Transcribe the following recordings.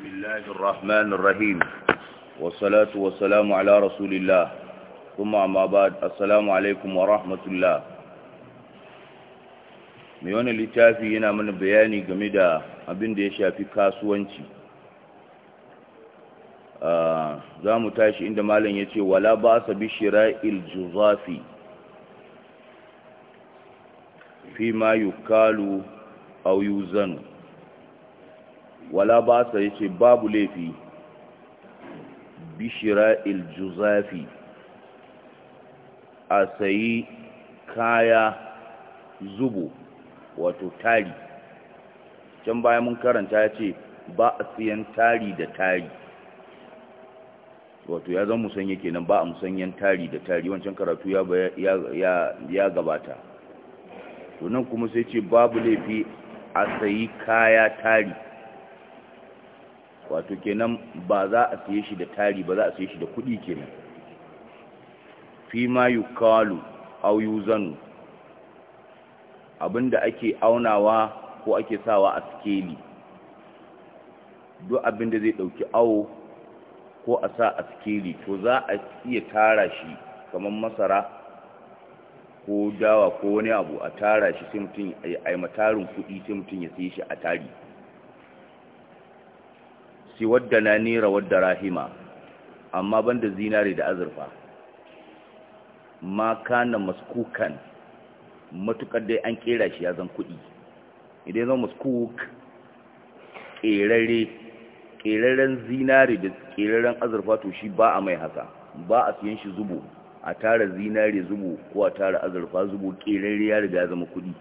بسم الله الرحمن الرحيم والصلاة والسلام على رسول الله ثم أما بعد السلام عليكم ورحمة الله mai wani littafi yana mana bayani game da abin ya shafi kasuwanci ah, za tashi inda malam ya ce wala ba sa bishira yukalu wala ba sa yace babu laifi bishira iljuzafi a sayi kaya zubo wato tari can baya mun karanta ya ce ba a siyan tari da tari wato ya zama musanye kenan ba a musanyen tari da tari wancan karatu ya gabata to nan kuma sai ce babu laifi a sayi kaya tari wato kenan ba za a siye shi da tari ba za a siye shi da kuɗi kenan fi ma yukalu au yuzanu abinda ake aunawa ko ake sawa a skeli duk abinda zai dauki awo ko a sa a skeli to za a iya tara shi kamar masara ko dawa ko wani abu a tara shi sai mutum ya yi matarin kuɗi sai mutum ya siye shi a tari ce wadda na nera wadda rahima amma banda zinari da azurfa ma kana maskukan matukar dai an kera shi ya zan kudi idan zan maskuk kerare keraren zinari da keraren azurfa to shi ba a mai haka ba a siyan shi zubo a tara zinari zubo ko a tara azurfa zubo kerare ya riga zama kudi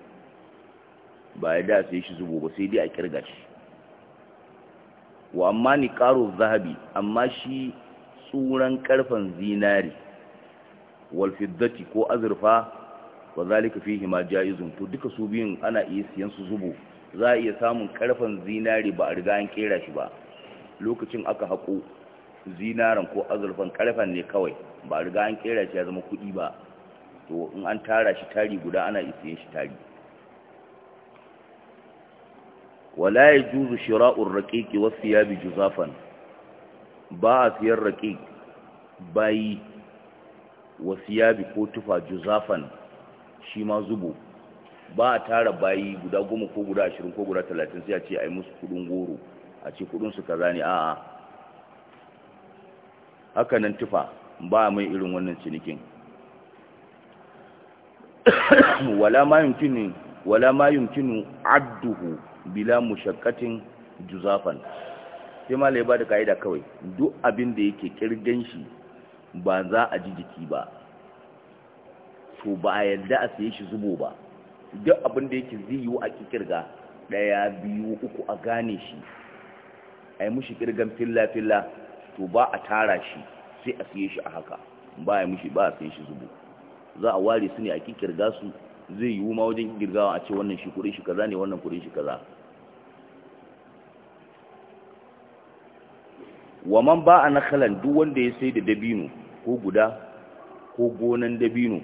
ba ya da sai shi zubo ba sai dai a kirga shi wa amma ni karo zahabi amma shi tsuran karfan zinari walfiddati ko azurfa wa zalika fihi ma jaizun to duka su biyun ana iya siyan su zubo za a iya samun karfan zinari ba a riga an kera shi ba lokacin aka haƙo zinaran ko azurfan ƙarfen ne kawai ba a riga an kera shi ya zama kuɗi ba to in an tara shi tari guda ana iya siyan shi tari wala ya juzu shira'ur raƙiƙi wasu ya bi juzafan ba a siyar raƙiƙ bayi wasu ya ko tufa juzafan shi ma zubo ba a tara bayi guda goma ko guda ashirin ko guda talatin sai a ce a yi musu kudin goro a ce kudinsu kaza ne a'a haka nan tufa ba mai irin wannan cinikin wala ma yumkinu wala ma yumkinu adduhu bila mushakkatin juzafan sai lai ba da ka'ida kawai duk abin da yake kirgan shi ba za a ji jiki ba to ba a yadda a saye shi zubo ba duk abin da yake ziyu a kirga daya biyu uku a gane shi a yi mushi kirgan filla-filla to ba a tara shi sai a siye shi a haka ba a yi mushi ba a siye shi zubo za a ware su ne a kirga su zai yiwu ma wajen girgawa a ce wannan shi kudin shi kaza ne wannan kudin shi kaza wa man ba a nakalan duk wanda ya sai da dabino ko guda ko gonan dabino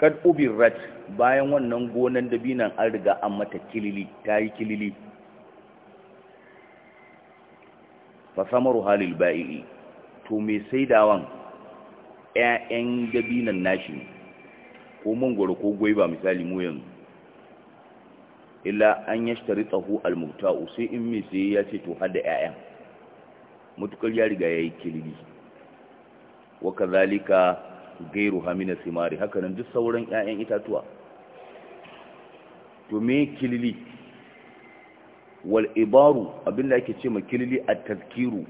kad ubirrat bayan wannan gonan dabinan an riga an mata kilili ta yi kilili fasamaru halil ba'i to mai saidawan 'ya'yan dabinan nashi ko mangoro ko gwaiba misali mu yanzu illa an al tsaho sai in me sai ya ce to har da 'ya'yan. mutukar ya riga yayi kilbi wa kadhalika ghayruha min simari. haka nan duk sauran 'ya'yan itatuwa to me kilili wal ibaru abin abinda ake ce ma kilili at tadhkiru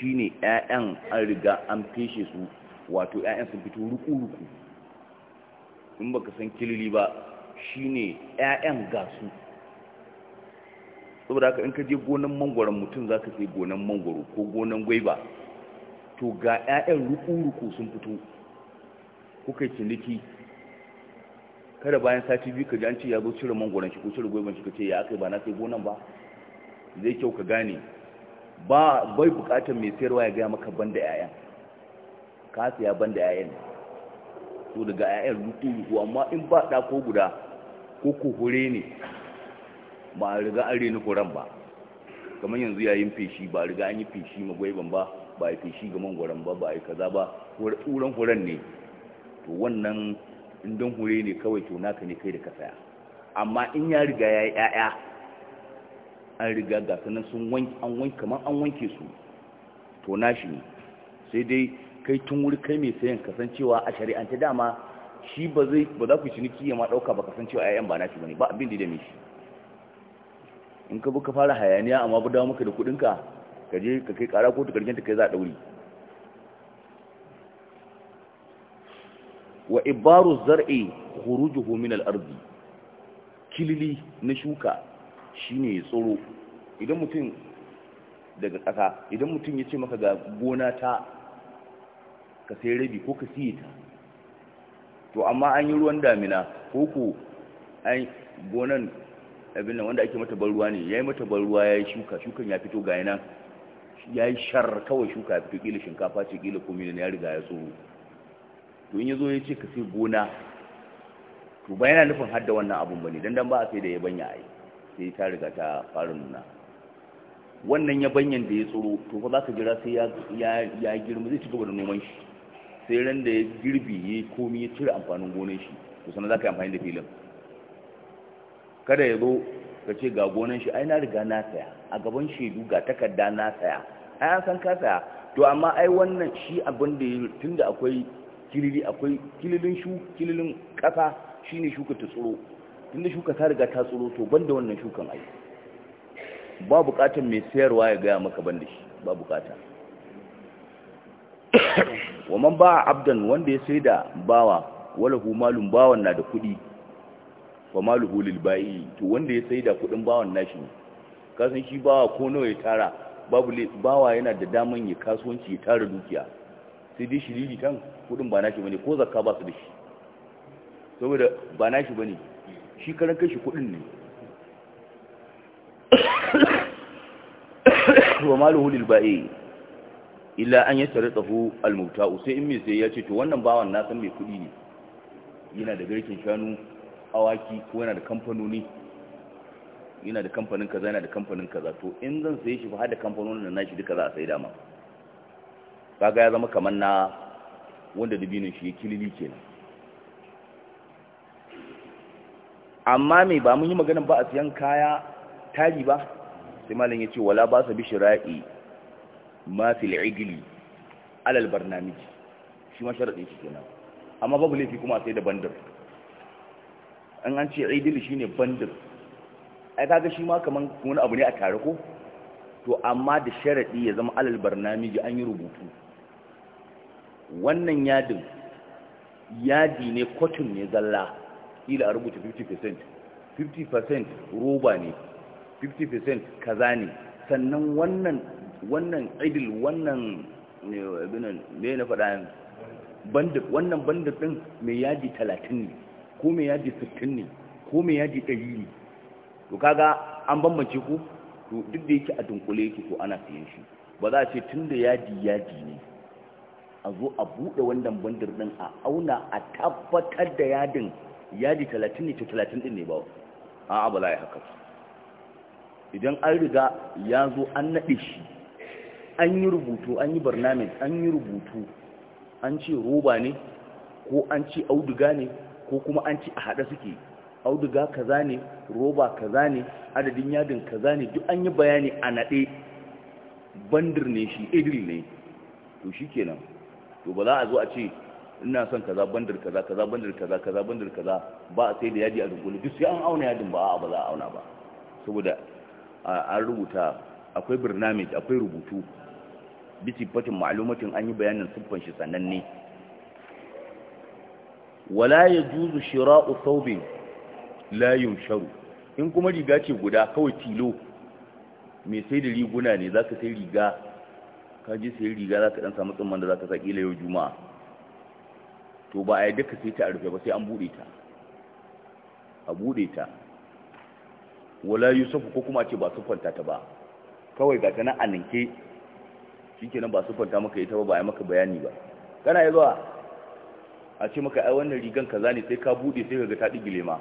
shine 'ya'yan an riga an feshe su wato 'ya'yan sun fito ruku-ruku in baka san kilili ba shine 'ya'yan gasu saboda haka in ka je gonan mangwaron mutum za ka sai gonan mangwaro ko gonan gwaiba to ga 'ya'yan ruku-ruku sun fito kuka yi ciniki kada bayan sati biyu ka ji an ce ya zo cire mangwaron shi ko cire gwaiban shi ka ce ya aka ba na sai gonan ba zai kyau ka gane ba bai bukatar mai sayarwa ya gaya maka banda 'ya'yan ka saya banda 'ya'yan to daga 'ya'yan ruku-ruku amma in ba ɗako guda ko kuhure ne ba a riga an reni koran ba kamar yanzu yayin feshi ba a riga an yi feshi magwaiban ba ba a yi feshi ga mangwaron ba ba a yi kaza ba tsuran furen ne to wannan indon hure ne kawai to naka ne kai da ka saya amma in ya riga ya yi 'ya'ya, an riga ga sanan sun wanki an wanke kamar an wanke su to nashi ne sai dai kai tun wuri kai mai sayan kasancewa a shari'anta dama shi ba za ku ciniki ya ma ɗauka ba kasancewa 'ya'yan ba nashi ba ne ba abin da da shi in ka buka fara hayaniya amma bu dawo maka da kudinka ka je ka kai kara kotu karshen ta kai za a dauri wa ibaru zar'i khurujuhu min al-ardi kilili na shuka shine tsoro idan mutum daga ƙasa idan mutum ya ce maka ga gona ta ka sai rabi ko ka siye ta to amma an yi ruwan damina ko ko an gonan abin nan wanda ake mata barruwa ruwa ne yi mata barruwa ruwa yi shuka shukan ya fito ga yana yi shar kawai shuka ya fito gila shinkafa ce gila komai ya riga ya tsoro to in zo ya ce ka sai gona to ba yana nufin hadda wannan abun bane don don ba a sai da yabanya yi sai ta riga ta fara nuna wannan yabanyan da ya tsoro to fa ka jira sai ya girma zai ci gaba da noman shi sai ran da ya girbi yayi komai ya cire amfanin gonan shi to za ka yi amfani da filin kada ya zo ka ce ga gonan shi ai na riga na saya a gaban shaidu ga takarda na saya ai an san ka saya to amma ai wannan shi abin da ya tunda akwai kilili akwai kililin shu kililin kasa shine shuka ta tsiro tunda shuka ta riga ta tsiro to banda wannan shukan ai ba bukatan mai sayarwa ya gaya maka banda shi ba bukata wa man ba abdan wanda ya sai da bawa wala hu malum bawan na da kuɗi fa maluhu lil ba'i to wanda ya saida kudin bawan nashi ka san shi bawa ko nawa ya tara babu bawa yana da daman ya kasuwanci ya tara dukiya sai dai shiriri kan kudin ba nashi bane ko zakka ba su da saboda ba nashi bane shi karan kashi kudin ne wa maluhu lil ba'i illa an yastaritahu al mubta'u sai in me sai ya ce to wannan bawan na san mai kudi ne yana da garkin shanu awaki ko yana da kamfanoni yana da kamfanin kaza yana da kamfanin kaza to in zan saye shi fa har da kamfanonin da nashi duka za a sayi dama kaga ya zama kamar na wanda dubinin shi ya kilili kenan amma me ba mun yi maganin ba a siyan kaya tari ba sai malam ya ce wala ba sa bishira'i ma fil igli alal barnamiji shi ma sharadin shi kenan amma babu laifi kuma a sai da bandar an an ce idil shine bandin ai kaga shi ma kaman wani abu ne a tare ko to amma da sharadi ya zama alal barnamiji an yi rubutu wannan yadin yadi ne cotton ne zalla ila a rubuta 50% 50% roba ne 50% kaza ne sannan wannan wannan idil wannan eh, ne na faɗa bandit wannan bandit ɗin mai yaji talatin ne ko me yaji sittin ne ko me yaji ɗari ne to kaga an bambance ku to duk da yake a dunkule yake ko ana siyan shi ba za a ce tun da yaji yaji ne a zo a buɗe wannan bandir ɗin a auna a tabbatar da yadin yaji talatin ne to talatin ɗin ne ba a abala ya haka idan an riga ya zo an naɗe shi an yi rubutu an yi barnamin an yi rubutu an ce roba ne ko an ce auduga ne ko kuma an ci a haɗa suke auduga kaza ne roba kaza ne adadin yadin kaza ne duk an yi bayani a naɗe bandir ne shi idil ne to shi kenan to ba za a zo a ce ina son kaza bandir kaza kaza bandir kaza kaza bandir kaza ba a sai da yadi a dunkule duk sai an auna yadin ba a ba za a auna ba saboda an rubuta akwai birnamij akwai rubutu bisi fatin ma'alumatin an yi bayanin siffan shi sananne wala yajuzu shira'u thawbin la yunsharu in kuma riga ce guda kawai tilo mai sai da riguna ne zaka sai riga ka je sai riga za zaka dan samu tsimman da zaka sa kila yau juma'a to ba a yadda ka sai ta a rufe ba sai an buɗe ta a buɗe ta wala yusufu ko kuma ce ba su kwanta ta ba kawai ga ta nan a ninke shikenan ba su kwanta maka ita ba ba a yi maka bayani ba kana yi zuwa a ce maka ai wannan rigan kaza ne sai ka bude sai kaga ta digile ma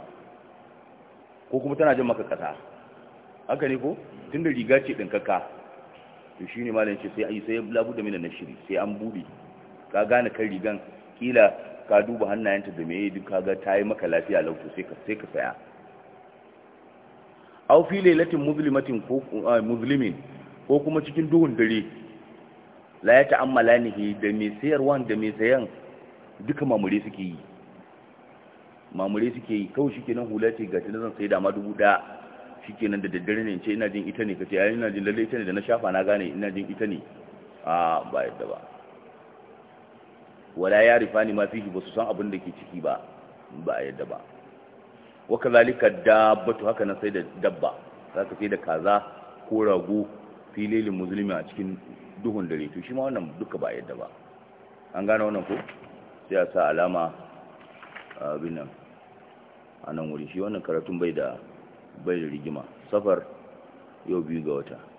ko kuma tana jin maka kasa haka ne ko tunda riga ce kaka to shine malam ce sai ai sai labuda mina shiri sai an bude ka gane kan rigan kila ka duba hannayenta da meye duk kaga ta yi maka lafiya lauto sai ka sai ka saya aw fi lailatin muzlimatin ko muzlimin ko kuma cikin duhun dare la ya ta'ammalanihi da mai sayarwa da mai sayan duka mamure suke yi mamure suke yi kawai shi kenan hula ce ga tunan sai da ma dubu ɗaya shi kenan da daddare ne ce ina jin ita ne kace ai ina jin lalle ita ne da na shafa na gane ina jin ita ne a ba yadda ba wala ya rifani ni ma fihi ba su san abin da ke ciki ba ba yadda ba wa kazalika dabbatu haka nan sai da dabba zaka sai da kaza ko rago fililin musulmi a cikin duhun dare to shi ma wannan duka ba yadda ba an gane wannan ko sai a sa alama abin nan a nan wuri shi wannan karatun bai da bai da rigima safar yau biyu ga wata